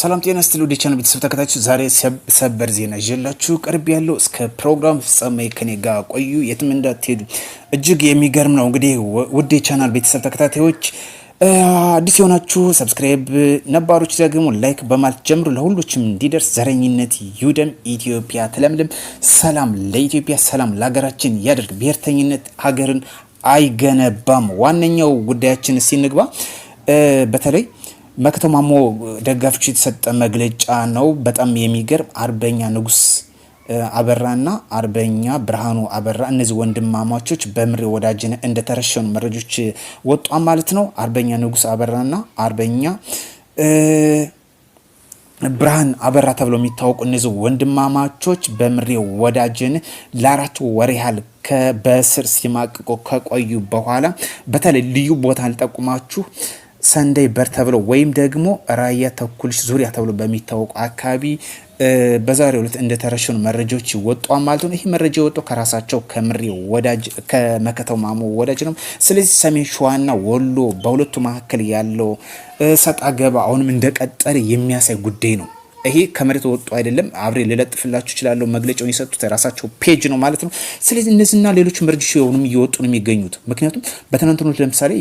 ሰላም ጤና ስትል ወደ ቻናል ቤተሰብ ተከታችሁ ዛሬ ሰበር ዜና ይዤላችሁ ቅርብ ያለው እስከ ፕሮግራም ፍጻሜ ከኔ ጋር ቆዩ፣ የትም እንዳትሄዱ። እጅግ የሚገርም ነው። እንግዲህ ውድ የቻናል ቤተሰብ ተከታታዮች አዲስ የሆናችሁ ሰብስክራይብ፣ ነባሮች ደግሞ ላይክ በማለት ጀምሩ። ለሁሎችም እንዲደርስ ዘረኝነት ይውደም፣ ኢትዮጵያ ትለምልም። ሰላም ለኢትዮጵያ፣ ሰላም ለሀገራችን ያደርግ። ብሔርተኝነት ሀገርን አይገነባም። ዋነኛው ጉዳያችን ሲንግባ በተለይ መክተ ማሞ ደጋፊዎች የተሰጠ መግለጫ ነው። በጣም የሚገርም አርበኛ ንጉስ አበራና አርበኛ ብርሃኑ አበራ እነዚህ ወንድማማቾች በምሬ ወዳጅነ እንደተረሸኑ መረጆች ወጧ ማለት ነው። አርበኛ ንጉስ አበራና አርበኛ ብርሃን አበራ ተብለው የሚታወቁ እነዚህ ወንድማማቾች በምሬ ወዳጅን ለአራት ወር ያህል በእስር ሲማቅቆ ከቆዩ በኋላ በተለይ ልዩ ቦታ ልጠቁማችሁ ሰንደይ በር ተብሎ ወይም ደግሞ ራያ ተኩልሽ ዙሪያ ተብሎ በሚታወቁ አካባቢ በዛሬው ዕለት እንደተረሸኑ መረጃዎች ይወጧል ማለት ነው። ይህ መረጃ የወጣው ከራሳቸው ከምሬ ወዳጅ ከመከተው ማሞ ወዳጅ ነው። ስለዚህ ሰሜን ሸዋና ወሎ በሁለቱ መካከል ያለው ሰጣ ገባ አሁንም እንደቀጠለ የሚያሳይ ጉዳይ ነው። ይሄ ከመሬት ወጡ አይደለም። አብሬ ልለጥፍላችሁ እችላለሁ። መግለጫውን የሰጡት የራሳቸው ፔጅ ነው ማለት ነው። ስለዚህ እነዚህና ሌሎች መረጃዎች የሆኑም እየወጡ ነው የሚገኙት። ምክንያቱም በትናንትኖች ለምሳሌ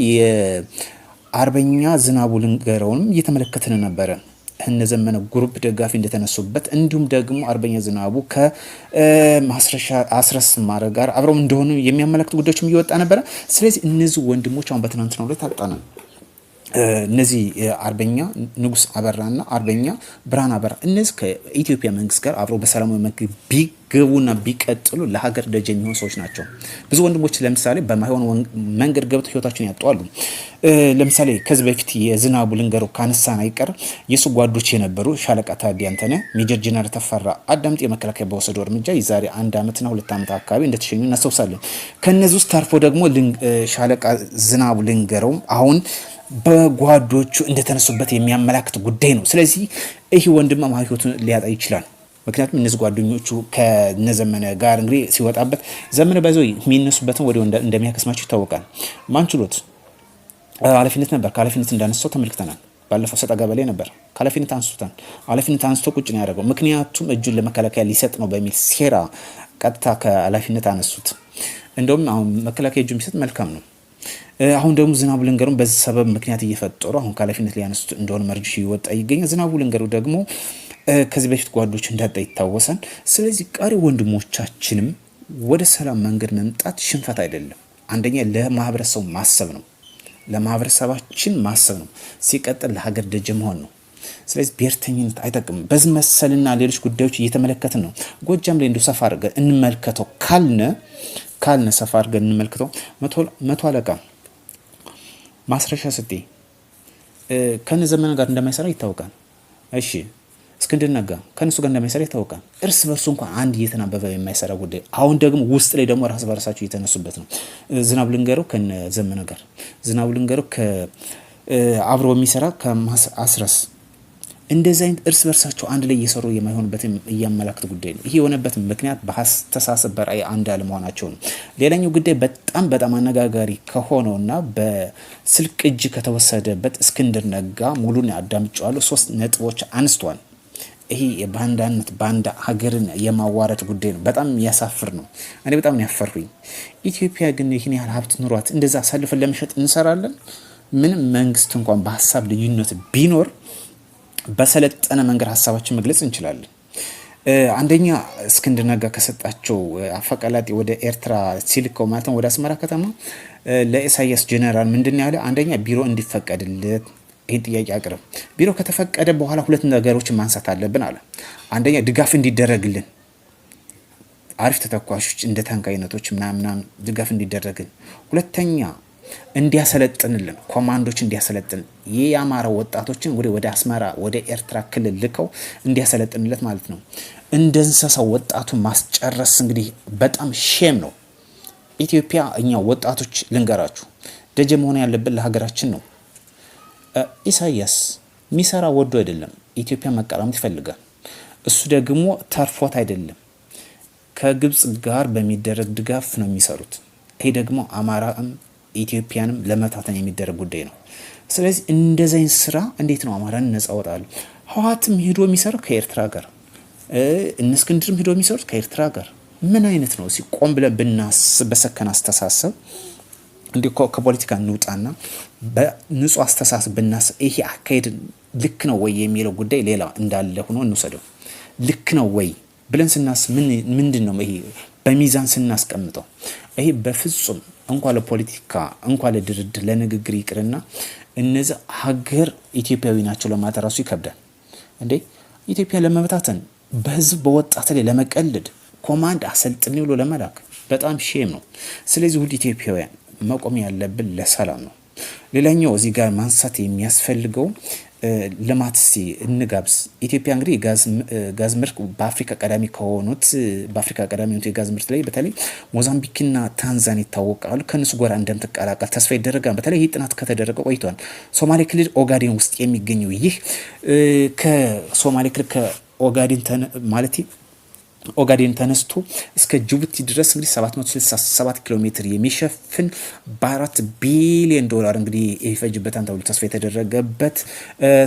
አርበኛ ዝናቡ ልንገረውንም እየተመለከትን ነበረ። እነ ዘመነ ግሩፕ ደጋፊ እንደተነሱበት እንዲሁም ደግሞ አርበኛ ዝናቡ ከማስረሻ አስረስ ማረ ጋር አብረው እንደሆኑ የሚያመለክቱ ጉዳዮችም እየወጣ ነበረ። ስለዚህ እነዚህ ወንድሞች አሁን በትናንትናው ላይ ታውቀናል። እነዚህ አርበኛ ንጉስ አበራና አርበኛ ብርሃን አበራ እነዚህ ከኢትዮጵያ መንግስት ጋር አብረው በሰላማዊ መንገድ ግቡና ቢቀጥሉ ለሀገር ደጀ የሚሆን ሰዎች ናቸው። ብዙ ወንድሞች ለምሳሌ በማይሆን መንገድ ገብተው ህይወታቸውን ያጠዋሉ። ለምሳሌ ከዚህ በፊት የዝናቡ ልንገሩ ካነሳን አይቀር የሱ ጓዶች የነበሩ ሻለቃ ታዲያንተነህ፣ ሜጀር ጀነራል ተፈራ አዳምጥ መከላከያ በወሰደው እርምጃ የዛሬ አንድ ዓመትና ሁለት ዓመት አካባቢ እንደተሸኙ እናስታውሳለን። ከእነዚህ ውስጥ ታርፎ ደግሞ ሻለቃ ዝናቡ ልንገረው አሁን በጓዶቹ እንደተነሱበት የሚያመላክት ጉዳይ ነው። ስለዚህ ይህ ወንድማ ህይወቱን ሊያጣ ይችላል። ምክንያቱም እነዚህ ጓደኞቹ ከነዘመነ ጋር እንግዲህ ሲወጣበት ዘመነ ባይዘው የሚነሱበትን ወዲ እንደሚያከስማቸው ይታወቃል። ማንችሎት ኃላፊነት ነበር። ከኃላፊነት እንዳነሳው ተመልክተናል። ባለፈው ሰጠ ገበሌ ነበር። ከኃላፊነት አንስቶታል። ኃላፊነት አንስቶ ቁጭ ነው ያደረገው። ምክንያቱም እጁን ለመከላከያ ሊሰጥ ነው በሚል ሴራ ቀጥታ ከኃላፊነት አነሱት። እንደውም አሁን መከላከያ እጁ የሚሰጥ መልካም ነው። አሁን ደግሞ ዝናቡ ልንገሩን በዚህ ሰበብ ምክንያት እየፈጠሩ አሁን ከኃላፊነት ሊያነሱት እንደሆነ መርጅ ይወጣ ይገኛል። ዝናቡ ልንገሩ ደግሞ ከዚህ በፊት ጓዶች እንዳጣ ይታወሳል። ስለዚህ ቀሪ ወንድሞቻችንም ወደ ሰላም መንገድ መምጣት ሽንፈት አይደለም። አንደኛ ለማህበረሰቡ ማሰብ ነው፣ ለማህበረሰባችን ማሰብ ነው። ሲቀጥል ለሀገር ደጀ መሆን ነው። ስለዚህ ብሔርተኝነት አይጠቅምም። በዚህ መሰልና ሌሎች ጉዳዮች እየተመለከትን ነው። ጎጃም ላይ እንዲሁ ሰፋ አድርገን እንመልከተው ካልነ ካልነ ሰፋ አድርገን እንመልከተው። መቶ አለቃ ማስረሻ ስጤ ከነ ዘመን ጋር እንደማይሰራ ይታወቃል። እሺ እስክንድር ነጋ ከእነሱ ጋር እንደማይሰራ ይታወቃል። እርስ በርሱ እንኳን አንድ እየተናበበ የማይሰራ ጉዳይ አሁን ደግሞ ውስጥ ላይ ደግሞ ራስ በራሳቸው እየተነሱበት ነው። ዝናብ ልንገረው ዘመነ ጋር ዝናብ ልንገረው አብሮ የሚሰራ ከአስረስ እንደዚህ አይነት እርስ በርሳቸው አንድ ላይ እየሰሩ የማይሆንበት እያመላክት ጉዳይ ነው። ይህ የሆነበት ምክንያት በአስተሳሰብ በራዕይ አንድ አለመሆናቸው ነው። ሌላኛው ጉዳይ በጣም በጣም አነጋጋሪ ከሆነውና በስልክ እጅ ከተወሰደበት እስክንድር ነጋ ሙሉን አዳምጨዋለሁ። ሶስት ነጥቦች አንስቷል። ይሄ የባንዳነት ባንዳ ሀገርን የማዋረድ ጉዳይ ነው። በጣም ያሳፍር ነው። እኔ በጣም ነው ያፈሩኝ። ኢትዮጵያ ግን ይህን ያህል ሀብት ኑሯት እንደዛ አሳልፈን ለመሸጥ እንሰራለን። ምንም መንግስት እንኳን በሀሳብ ልዩነት ቢኖር በሰለጠነ መንገድ ሀሳባችን መግለጽ እንችላለን። አንደኛ እስክንድር ነጋ ከሰጣቸው አፈቀላጤ ወደ ኤርትራ ሲልከው ማለት ነው ወደ አስመራ ከተማ ለኢሳያስ ጄኔራል ምንድን ያለ አንደኛ ቢሮ እንዲፈቀድለት ይህን ጥያቄ አቅርብ። ቢሮ ከተፈቀደ በኋላ ሁለት ነገሮችን ማንሳት አለብን አለ። አንደኛ ድጋፍ እንዲደረግልን አሪፍ ተተኳሾች እንደ ታንክ አይነቶች ምናምናም ድጋፍ እንዲደረግን፣ ሁለተኛ እንዲያሰለጥንልን ኮማንዶች እንዲያሰለጥን የአማራ ወጣቶችን ወደ አስመራ ወደ ኤርትራ ክልል ልከው እንዲያሰለጥንለት ማለት ነው። እንደ እንስሳ ወጣቱን ማስጨረስ እንግዲህ በጣም ሼም ነው። ኢትዮጵያ እኛ ወጣቶች ልንገራችሁ ደጀ መሆን ያለብን ለሀገራችን ነው። ኢሳያስ ሚሰራ ወዶ አይደለም፣ ኢትዮጵያ መቀራመት ይፈልጋል። እሱ ደግሞ ተርፎት አይደለም፣ ከግብፅ ጋር በሚደረግ ድጋፍ ነው የሚሰሩት። ይሄ ደግሞ አማራም ኢትዮጵያንም ለመታተን የሚደረግ ጉዳይ ነው። ስለዚህ እንደዚህ ስራ እንዴት ነው አማራን ነጻ ወጣሉ? ህወሓትም ሂዶ የሚሰራው ከኤርትራ ጋር እነ እስክንድርም ሂዶ የሚሰሩት ከኤርትራ ጋር ምን አይነት ነው ሲቆም ብለን ብናስብ በሰከን አስተሳሰብ እንዲህ ከፖለቲካ እንውጣና በንጹህ አስተሳሰብ ብናስብ ይሄ አካሄድ ልክ ነው ወይ የሚለው ጉዳይ ሌላ እንዳለ ሆኖ እንውሰደው። ልክ ነው ወይ ብለን ስናስ ምንድን ነው ይሄ በሚዛን ስናስቀምጠው ይሄ በፍጹም እንኳ ለፖለቲካ እንኳ ለድርድር ለንግግር ይቅርና እነዚህ ሀገር ኢትዮጵያዊ ናቸው ለማለት ራሱ ይከብዳል እንዴ። ኢትዮጵያ ለመበታተን በህዝብ በወጣት ላይ ለመቀለድ ኮማንድ አሰልጥን ብሎ ለመላክ በጣም ሼም ነው። ስለዚህ ውድ ኢትዮጵያውያን መቆም ያለብን ለሰላም ነው። ሌላኛው እዚህ ጋር ማንሳት የሚያስፈልገው ልማት ሲ እንጋብዝ ኢትዮጵያ እንግዲህ ጋዝ ምርት በአፍሪካ ቀዳሚ ከሆኑት በአፍሪካ ቀዳሚ ሆኑት የጋዝ ምርት ላይ በተለይ ሞዛምቢክና ታንዛኒያ ይታወቃሉ። ከእነሱ ጋር እንደምትቀላቀል ተስፋ ይደረጋል። በተለይ ይህ ጥናት ከተደረገ ቆይቷል። ሶማሌ ክልል ኦጋዴን ውስጥ የሚገኘው ይህ ከሶማሌ ክልል ከኦጋዴን ማለት ኦጋዴን ተነስቶ እስከ ጅቡቲ ድረስ እንግዲህ 767 ኪሎ ሜትር የሚሸፍን በአራት ቢሊዮን ዶላር እንግዲህ ይፈጅበታል ተብሎ ተስፋ የተደረገበት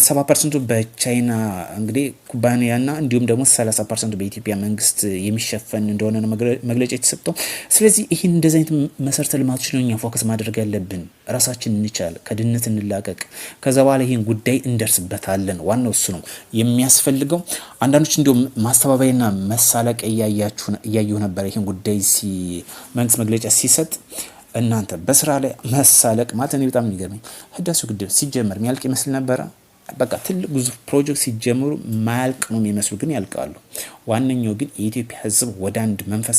70 ፐርሰንቱ በቻይና እንግዲህ ኩባንያና እንዲሁም ደግሞ 30 ፐርሰንቱ በኢትዮጵያ መንግስት የሚሸፈን እንደሆነ መግለጫ የተሰጠው። ስለዚህ ይህን እንደዚህ አይነት መሰረተ ልማቶች ነው እኛ ፎከስ ማድረግ ያለብን። ራሳችን እንቻል፣ ከድህነት እንላቀቅ። ከዛ በኋላ ይህን ጉዳይ እንደርስበታለን። ዋናው እሱ ነው የሚያስፈልገው። አንዳንዶች እንዲሁም ማስተባበያና መሳለቅ እያየሁ ነበር። ይህን ጉዳይ መንግስት መግለጫ ሲሰጥ እናንተ በስራ ላይ መሳለቅ ማለት እኔ በጣም የሚገርመኝ ህዳሴው ግድብ ሲጀመር የሚያልቅ ይመስል ነበረ። በቃ ትልቅ ግዙፍ ፕሮጀክት ሲጀምሩ ማያልቅ ነው የሚመስሉ ግን ያልቃሉ። ዋነኛው ግን የኢትዮጵያ ሕዝብ ወደ አንድ መንፈስ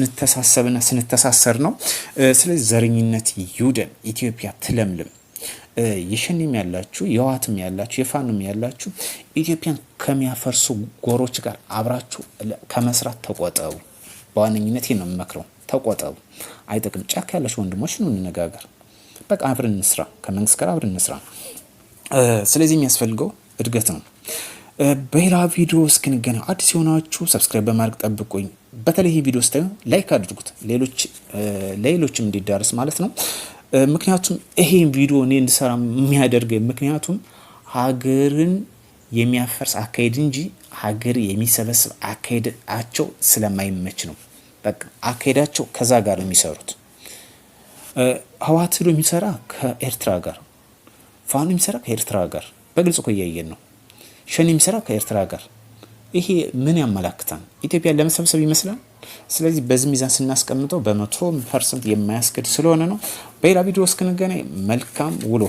ስንተሳሰብና ስንተሳሰር ነው። ስለዚህ ዘረኝነት ይውደን፣ ኢትዮጵያ ትለምልም። የሸኔም ያላችሁ የዋትም ያላችሁ የፋኖም ያላችሁ ኢትዮጵያን ከሚያፈርሱ ጎሮች ጋር አብራችሁ ከመስራት ተቆጠቡ። በዋነኝነት ነው የምመክረው፣ ተቆጠቡ። አይጠቅም። ጫካ ያላችሁ ወንድሞች ነው እንነጋገር። በቃ አብረን እንስራ፣ ከመንግስት ጋር አብረን እንስራ። ስለዚህ የሚያስፈልገው እድገት ነው። በሌላ ቪዲዮ እስክንገና አዲስ የሆናችሁ ሰብስክራይብ በማድረግ ጠብቁኝ። በተለይ ቪዲዮ ስታዩ ላይክ አድርጉት፣ ለሌሎችም እንዲዳረስ ማለት ነው። ምክንያቱም ይሄን ቪዲዮ እኔ እንድሰራ የሚያደርገኝ ምክንያቱም ሀገርን የሚያፈርስ አካሄድ እንጂ ሀገር የሚሰበስብ አካሄዳቸው ስለማይመች ነው። በቃ አካሄዳቸው ከዛ ጋር ነው የሚሰሩት። ህወሓት ሄዶ የሚሰራ ከኤርትራ ጋር ፋኖ የሚሰራ ከኤርትራ ጋር በግልጽ እኮ እያየን ነው። ሸኔ የሚሰራ ከኤርትራ ጋር ይሄ ምን ያመላክታል? ኢትዮጵያን ለመሰብሰብ ይመስላል። ስለዚህ በዚህ ሚዛን ስናስቀምጠው በመቶ ፐርሰንት የማያስገድ ስለሆነ ነው። በሌላ ቪዲዮ እስክንገናኝ መልካም ውሎ